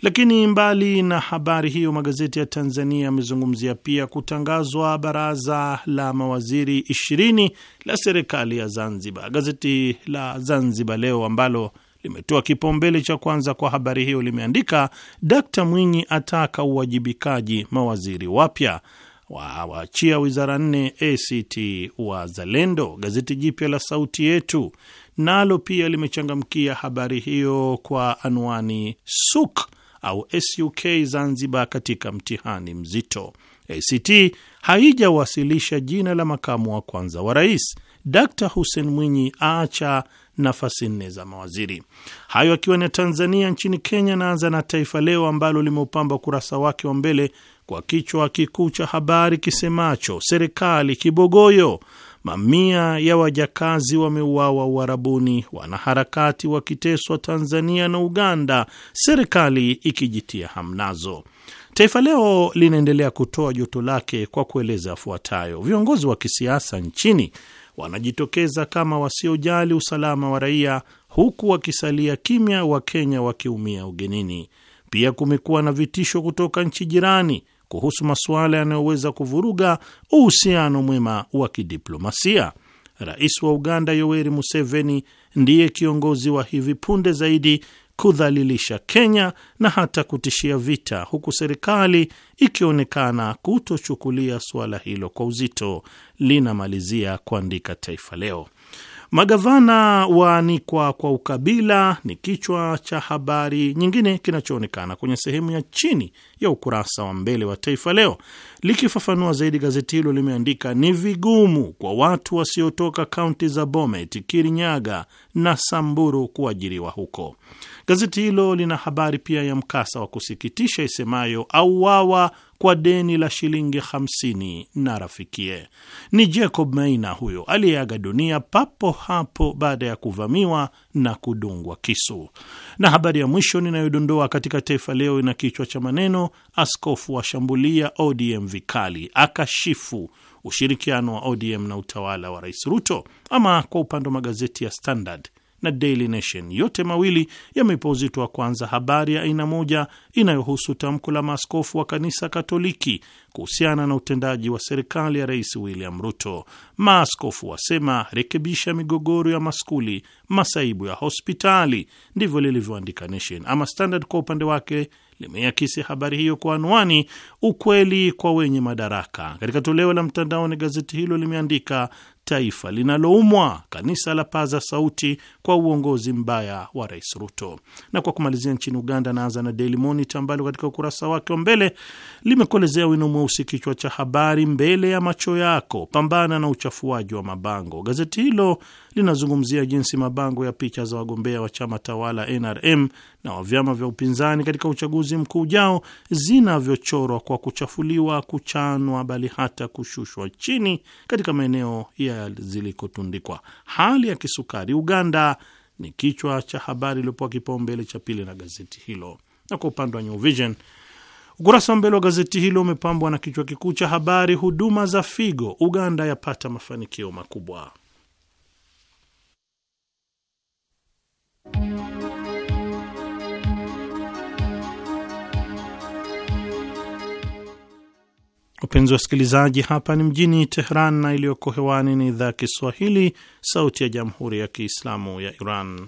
Lakini mbali na habari hiyo, magazeti ya Tanzania yamezungumzia pia kutangazwa baraza la mawaziri ishirini la serikali ya Zanzibar. Gazeti la Zanzibar Leo ambalo limetoa kipaumbele cha kwanza kwa habari hiyo limeandika Dkt Mwinyi ataka uwajibikaji mawaziri wapya wawaachia wizara nne ACT Wazalendo. Gazeti jipya la Sauti Yetu nalo pia limechangamkia habari hiyo kwa anwani suk au SUK Zanzibar katika mtihani mzito. ACT haijawasilisha jina la makamu wa kwanza wa rais. Dkt Hussein Mwinyi aacha nafasi nne za mawaziri. Hayo akiwa na Tanzania. Nchini Kenya, naanza na Taifa Leo ambalo limeupamba ukurasa wake wa mbele kwa kichwa kikuu cha habari kisemacho serikali kibogoyo Mamia ya wajakazi wameuawa Uarabuni, wanaharakati wakiteswa Tanzania na Uganda, serikali ikijitia hamnazo. Taifa Leo linaendelea kutoa joto lake kwa kueleza yafuatayo: viongozi wa kisiasa nchini wanajitokeza kama wasiojali usalama wa raia, huku wakisalia kimya, Wakenya wakiumia ugenini. Pia kumekuwa na vitisho kutoka nchi jirani kuhusu masuala yanayoweza kuvuruga uhusiano mwema wa kidiplomasia. Rais wa Uganda Yoweri Museveni ndiye kiongozi wa hivi punde zaidi kudhalilisha Kenya na hata kutishia vita, huku serikali ikionekana kutochukulia suala hilo kwa uzito, linamalizia kuandika Taifa Leo. Magavana waanikwa kwa ukabila ni kichwa cha habari nyingine kinachoonekana kwenye sehemu ya chini ya ukurasa wa mbele wa Taifa Leo. Likifafanua zaidi, gazeti hilo limeandika ni vigumu kwa watu wasiotoka kaunti za Bomet, Kirinyaga na Samburu kuajiriwa huko. Gazeti hilo lina habari pia ya mkasa wa kusikitisha isemayo auawa kwa deni la shilingi 50 na rafikie. Ni Jacob Maina huyo aliyeaga dunia papo hapo baada ya kuvamiwa na kudungwa kisu. Na habari ya mwisho ninayodondoa katika Taifa Leo ina kichwa cha maneno askofu ashambulia ODM vikali, akashifu ushirikiano wa ODM na utawala wa Rais Ruto. Ama kwa upande wa magazeti ya Standard na Daily Nation, yote mawili yameipa uzito wa kwanza habari ya aina moja inayohusu tamko la maaskofu wa kanisa Katoliki kuhusiana na utendaji wa serikali ya Rais William Ruto. Maaskofu wasema rekebisha migogoro ya maskuli, masaibu ya hospitali, ndivyo lilivyoandika Nation. Ama Standard kwa upande wake limeakisi habari hiyo kwa anwani ukweli kwa wenye madaraka. Katika toleo la mtandaoni, gazeti hilo limeandika taifa linaloumwa, kanisa la paza sauti kwa uongozi mbaya wa Rais Ruto. Na kwa kumalizia, nchini Uganda, naanza na Daily Monitor ambalo katika ukurasa wake wa mbele limekuelezea wino au si kichwa cha habari mbele ya macho yako, pambana na uchafuaji wa mabango. Gazeti hilo linazungumzia jinsi mabango ya picha za wagombea wa chama tawala NRM na wa vyama vya upinzani katika uchaguzi mkuu ujao zinavyochorwa kwa kuchafuliwa, kuchanwa, bali hata kushushwa chini katika maeneo ya zilikotundikwa. Hali ya kisukari Uganda ni kichwa cha habari iliyopewa kipaumbele cha pili na gazeti hilo, na kwa upande wa New Vision Ukurasa wa mbele wa gazeti hilo umepambwa na kichwa kikuu cha habari, huduma za figo Uganda yapata mafanikio makubwa. Wapenzi wa wasikilizaji, hapa ni mjini Tehran na iliyoko hewani ni idhaa ya Kiswahili, Sauti ya Jamhuri ya Kiislamu ya Iran.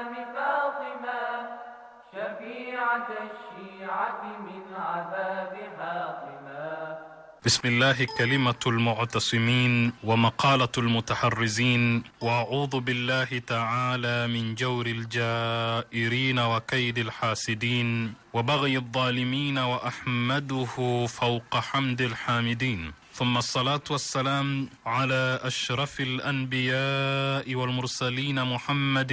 الإمام فاطمة شفيعة الشيعة من عذاب حاطمة بسم الله كلمة المعتصمين ومقالة المتحرزين وأعوذ بالله تعالى من جور الجائرين وكيد الحاسدين وبغي الظالمين وأحمده فوق حمد الحامدين ثم الصلاة والسلام على أشرف الأنبياء والمرسلين محمد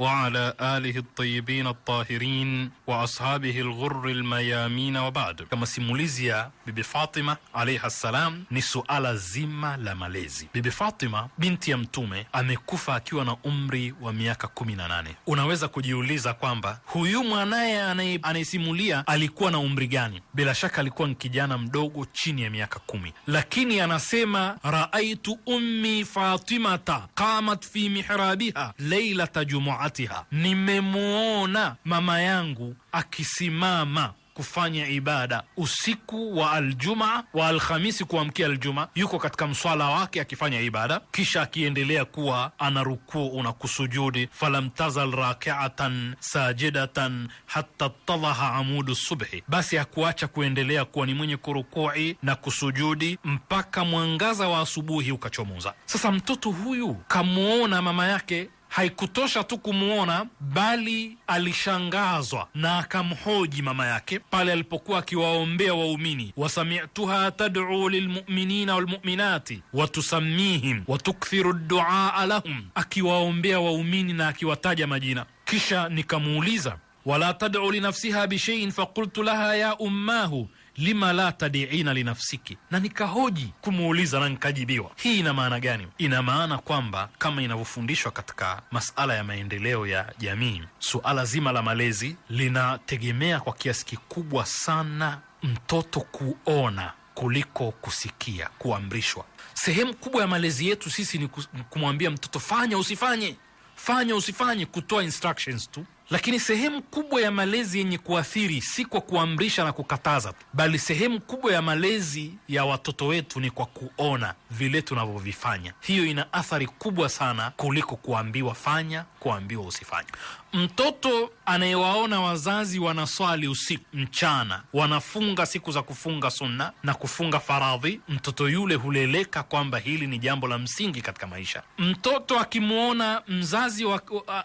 وعلى آله الطيبين الطاهرين وأصحابه الغر الميامين وبعد. Kama simulizi ya Bibi Fatima السلام salam ni suala zima la malezi. Bibi Fatima binti ya Mtume amekufa akiwa na umri wa miaka kumi na nane. Unaweza kujiuliza kwamba huyu mwanaye anayesimulia alikuwa na umri gani? Bila shaka alikuwa ni kijana mdogo chini ya miaka kumi, lakini anasema raaitu ummi fatimata qamat fi mihrabiha leilata salatiha, nimemuona mama yangu akisimama kufanya ibada usiku wa aljuma wa Alhamisi kuamkia aljuma yuko katika mswala wake akifanya ibada, kisha akiendelea kuwa ana rukuu na kusujudi. falamtazal rakiatan sajidatan hatta tadaha amudu subhi, basi hakuacha kuendelea kuwa ni mwenye kurukui na kusujudi mpaka mwangaza wa asubuhi ukachomoza. Sasa mtoto huyu kamwona mama yake haikutosha tu kumwona, bali alishangazwa na akamhoji mama yake pale alipokuwa akiwaombea waumini, wasamituha tad'u lilmuminina walmuminati watusammihim watukthiru duaa lahum, akiwaombea waumini na akiwataja majina. Kisha nikamuuliza wala tad'u linafsiha bishaiin fakultu laha ya ummahu lima la tadiina linafsiki, na nikahoji kumuuliza na nikajibiwa. Hii ina maana gani? Ina maana kwamba kama inavyofundishwa katika masala ya maendeleo ya jamii, suala zima la malezi linategemea kwa kiasi kikubwa sana mtoto kuona kuliko kusikia, kuamrishwa. Sehemu kubwa ya malezi yetu sisi ni kumwambia mtoto fanya, usifanye, fanya, usifanye, kutoa instructions tu lakini sehemu kubwa ya malezi yenye kuathiri si kwa kuamrisha na kukataza tu, bali sehemu kubwa ya malezi ya watoto wetu ni kwa kuona vile tunavyovifanya. Hiyo ina athari kubwa sana kuliko kuambiwa fanya, kuambiwa usifanya Mtoto anayewaona wazazi wanaswali usiku mchana, wanafunga siku za kufunga sunna na kufunga faradhi, mtoto yule huleleka kwamba hili ni jambo la msingi katika maisha. Mtoto akimwona mzazi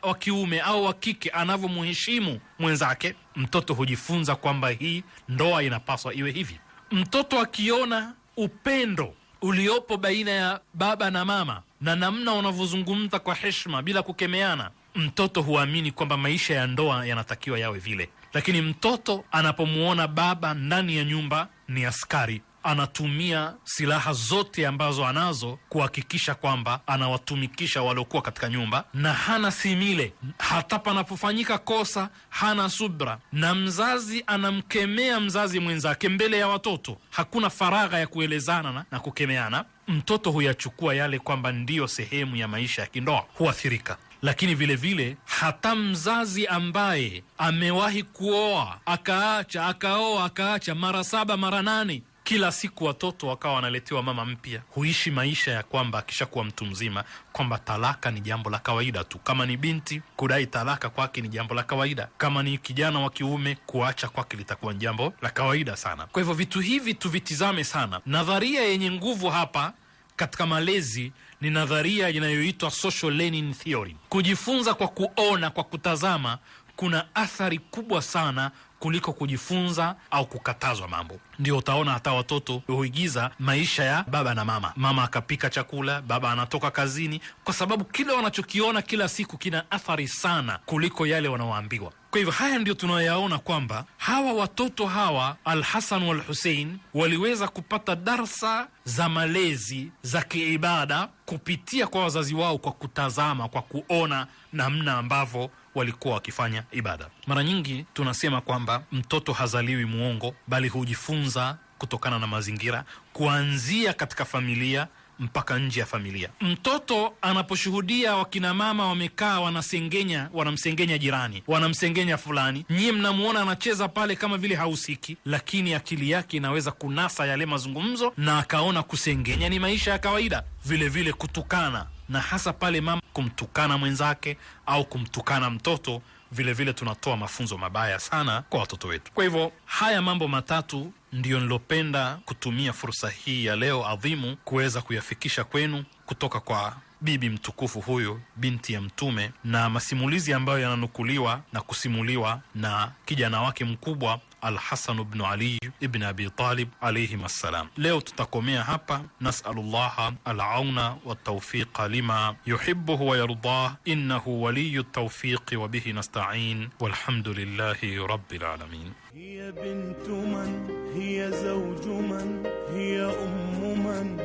wa kiume au wa kike anavyomuheshimu mwenzake, mtoto hujifunza kwamba hii ndoa inapaswa iwe hivi. Mtoto akiona upendo uliopo baina ya baba na mama na namna wanavyozungumza kwa heshima bila kukemeana mtoto huamini kwamba maisha ya ndoa yanatakiwa yawe vile, lakini mtoto anapomwona baba ndani ya nyumba ni askari anatumia silaha zote ambazo anazo kuhakikisha kwamba anawatumikisha waliokuwa katika nyumba, na hana simile, hata panapofanyika kosa hana subra, na mzazi anamkemea mzazi mwenzake mbele ya watoto. Hakuna faragha ya kuelezana na, kukemeana. Mtoto huyachukua yale kwamba ndiyo sehemu ya maisha ya kindoa, huathirika lakini vilevile vile, hata mzazi ambaye amewahi kuoa akaacha, akaoa akaacha, mara saba mara nane kila siku watoto wakawa wanaletewa mama mpya, huishi maisha ya kwamba akishakuwa mtu mzima kwamba talaka ni jambo la kawaida tu. Kama ni binti, kudai talaka kwake ni jambo la kawaida. Kama ni kijana wa kiume, kuacha kwake litakuwa ni jambo la kawaida sana. Kwa hivyo vitu hivi tuvitizame sana. Nadharia yenye nguvu hapa katika malezi ni nadharia inayoitwa social learning theory. Kujifunza kwa kuona, kwa kutazama, kuna athari kubwa sana kuliko kujifunza au kukatazwa mambo. Ndio utaona hata watoto huigiza maisha ya baba na mama, mama akapika chakula, baba anatoka kazini, kwa sababu kile wanachokiona kila siku kina athari sana kuliko yale wanaoambiwa. Kwa hivyo haya ndio tunayaona kwamba hawa watoto hawa Al Hasan wal Husein waliweza kupata darsa za malezi za kiibada kupitia kwa wazazi wao, kwa kutazama, kwa kuona namna ambavyo walikuwa wakifanya ibada. Mara nyingi tunasema kwamba mtoto hazaliwi muongo, bali hujifunza kutokana na mazingira, kuanzia katika familia mpaka nje ya familia. Mtoto anaposhuhudia wakinamama wamekaa wanasengenya, wanamsengenya jirani, wanamsengenya fulani, nyie mnamwona anacheza pale kama vile hahusiki, lakini akili yake inaweza kunasa yale mazungumzo na akaona kusengenya ni maisha ya kawaida. Vilevile vile kutukana, na hasa pale mama kumtukana mwenzake au kumtukana mtoto, vilevile vile tunatoa mafunzo mabaya sana kwa watoto wetu. Kwa hivyo haya mambo matatu ndiyo nilopenda kutumia fursa hii ya leo adhimu kuweza kuyafikisha kwenu kutoka kwa bibi mtukufu huyu binti ya Mtume na masimulizi ambayo yananukuliwa na kusimuliwa na kijana wake mkubwa الحسن بن علي بن أبي طالب عليهما السلام ليو تتقومي هابا نسأل الله العون والتوفيق لما يحبه ويرضاه إنه ولي التوفيق وبه نستعين والحمد لله رب العالمين هي بنت من هي زوج من هي أم من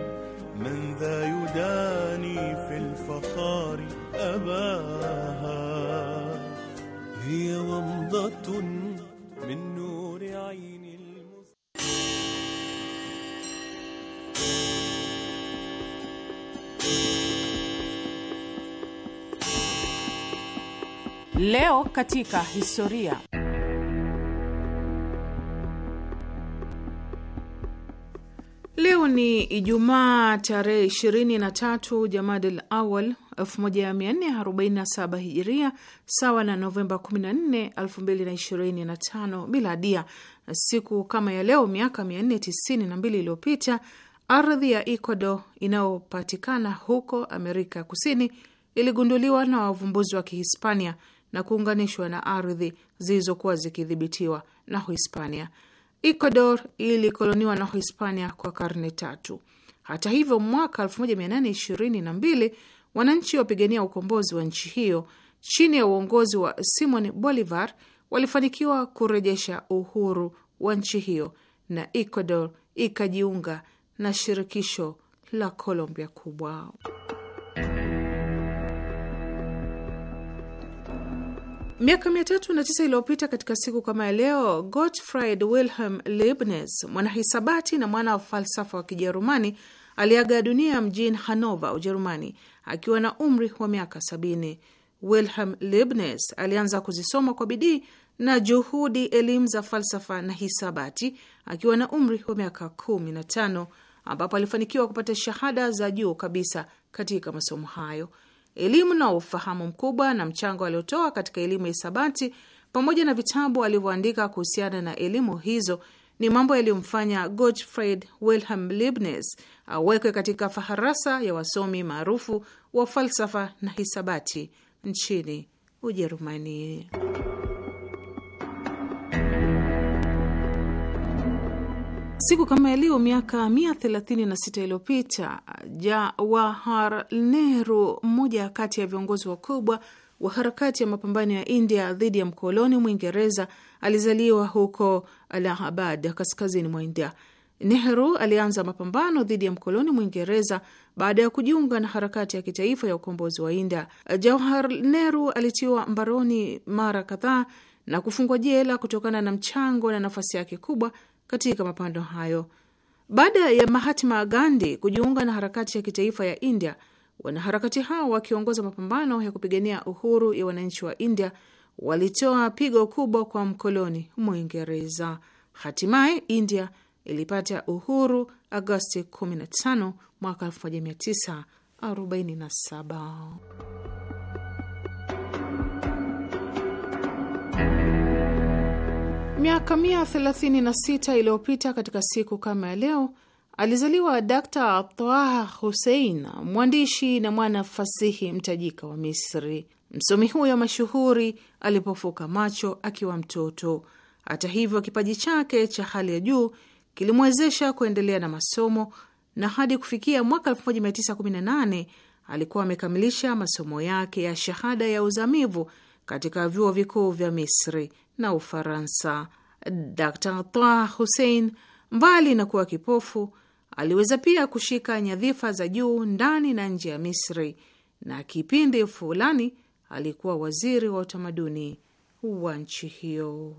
من ذا يداني في الفخار أباها هي ومضة Leo katika historia. Leo ni Ijumaa tarehe 23 Jamadil Awal 1447 Hijiria, sawa na Novemba 14, 2025 Miladia. Siku kama ya leo miaka 492 iliyopita ardhi ya Ecuador inayopatikana huko Amerika ya Kusini iligunduliwa na wavumbuzi wa Kihispania na kuunganishwa na ardhi zilizokuwa zikidhibitiwa na Hispania. Ecuador ilikoloniwa na Hispania kwa karne tatu. Hata hivyo, mwaka 1822 wananchi wapigania ukombozi wa nchi hiyo chini ya uongozi wa Simon Bolivar walifanikiwa kurejesha uhuru wa nchi hiyo na Ecuador ikajiunga na shirikisho la Colombia Kubwa. Miaka mia tatu na tisa iliyopita katika siku kama ya leo, Gottfried Wilhelm Leibniz, mwanahisabati na mwana wa falsafa wa Kijerumani, aliaga dunia mjini Hanover, Ujerumani, akiwa na umri wa miaka sabini. Wilhelm Leibniz alianza kuzisoma kwa bidii na juhudi elimu za falsafa na hisabati akiwa na umri wa miaka kumi na tano ambapo alifanikiwa kupata shahada za juu kabisa katika masomo hayo elimu na ufahamu mkubwa na mchango aliotoa katika elimu ya hisabati pamoja na vitabu alivyoandika kuhusiana na elimu hizo ni mambo yaliyomfanya Gottfried Wilhelm Leibniz awekwe katika faharasa ya wasomi maarufu wa falsafa na hisabati nchini Ujerumani. Siku kama ya leo miaka 136 iliyopita Jawahar Nehru, mmoja kati ya viongozi wakubwa wa harakati ya mapambano ya India dhidi ya mkoloni Mwingereza, alizaliwa huko Allahabad, kaskazini mwa India. Nehru alianza mapambano dhidi ya mkoloni Mwingereza baada ya kujiunga na harakati ya kitaifa ya ukombozi wa India. Jawahar Nehru alitiwa mbaroni mara kadhaa na kufungwa jela kutokana na mchango na nafasi yake kubwa katika mapando hayo. Baada ya Mahatma Gandhi kujiunga na harakati ya kitaifa ya India, wanaharakati hao wakiongoza mapambano ya kupigania uhuru ya wananchi wa India walitoa pigo kubwa kwa mkoloni Mwingereza. Hatimaye India ilipata uhuru Agosti 15 mwaka 1947. Miaka mia thelathini na sita iliyopita katika siku kama ya leo alizaliwa d Taha husein mwandishi na mwana fasihi mtajika wa Misri. Msomi huyo mashuhuri alipofuka macho akiwa mtoto. Hata hivyo, kipaji chake cha hali ya juu kilimwezesha kuendelea na masomo na hadi kufikia mwaka 1918 alikuwa amekamilisha masomo yake ya shahada ya uzamivu katika vyuo vikuu vya Misri na Ufaransa. Dr Taha Hussein, mbali na kuwa kipofu, aliweza pia kushika nyadhifa za juu ndani na nje ya Misri, na kipindi fulani alikuwa waziri wa utamaduni wa nchi hiyo.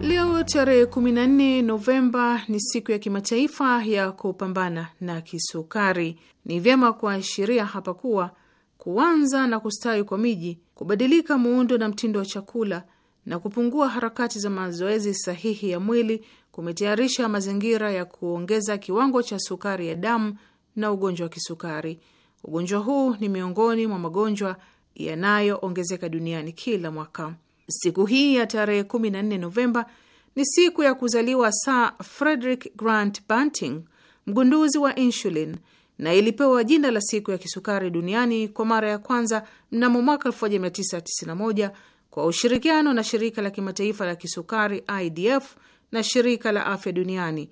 Leo tarehe 14 Novemba ni siku ya kimataifa ya kupambana na kisukari. Ni vyema kuashiria hapa kuwa kuanza na kustawi kwa miji, kubadilika muundo na mtindo wa chakula na kupungua harakati za mazoezi sahihi ya mwili kumetayarisha mazingira ya kuongeza kiwango cha sukari ya damu na ugonjwa wa kisukari. Ugonjwa huu ni miongoni mwa magonjwa yanayoongezeka duniani kila mwaka. Siku hii ya tarehe 14 Novemba ni siku ya kuzaliwa Sir Frederick Grant Banting, mgunduzi wa insulin na ilipewa jina la siku ya kisukari duniani kwa mara ya kwanza mnamo mwaka 1991 kwa ushirikiano na shirika la kimataifa la kisukari IDF na shirika la afya duniani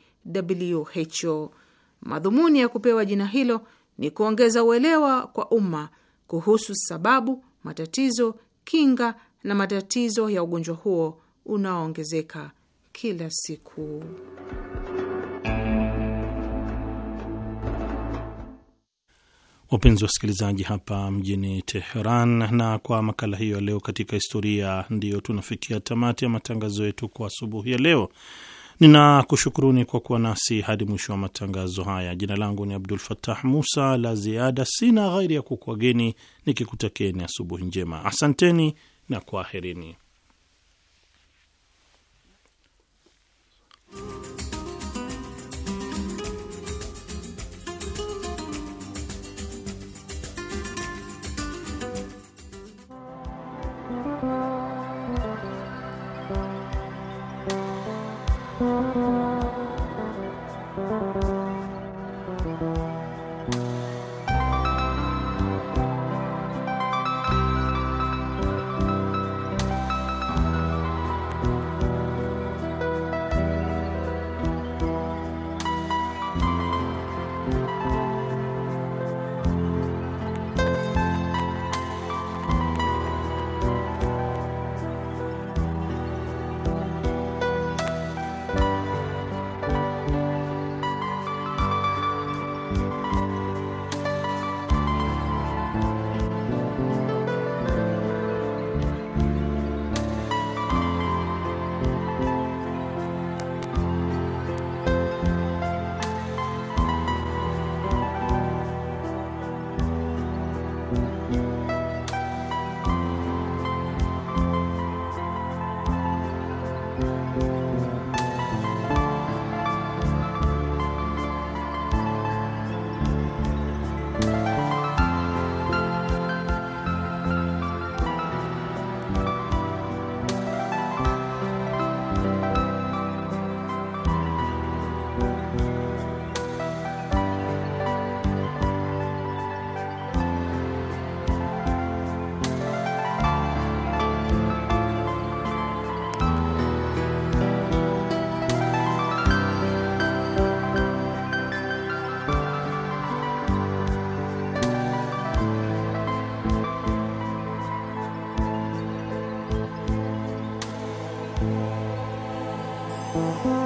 WHO. Madhumuni ya kupewa jina hilo ni kuongeza uelewa kwa umma kuhusu sababu, matatizo, kinga na matatizo ya ugonjwa huo unaoongezeka kila siku. Wapenzi wa wasikilizaji, hapa mjini Teheran, na kwa makala hiyo ya leo katika historia, ndiyo tunafikia tamati ya matangazo yetu kwa asubuhi ya leo. Ninakushukuruni kwa kuwa nasi hadi mwisho wa matangazo haya. Jina langu ni Abdul Fatah Musa. La ziada sina ghairi ya kukwageni nikikutakeni asubuhi njema. Asanteni na kwaherini. Música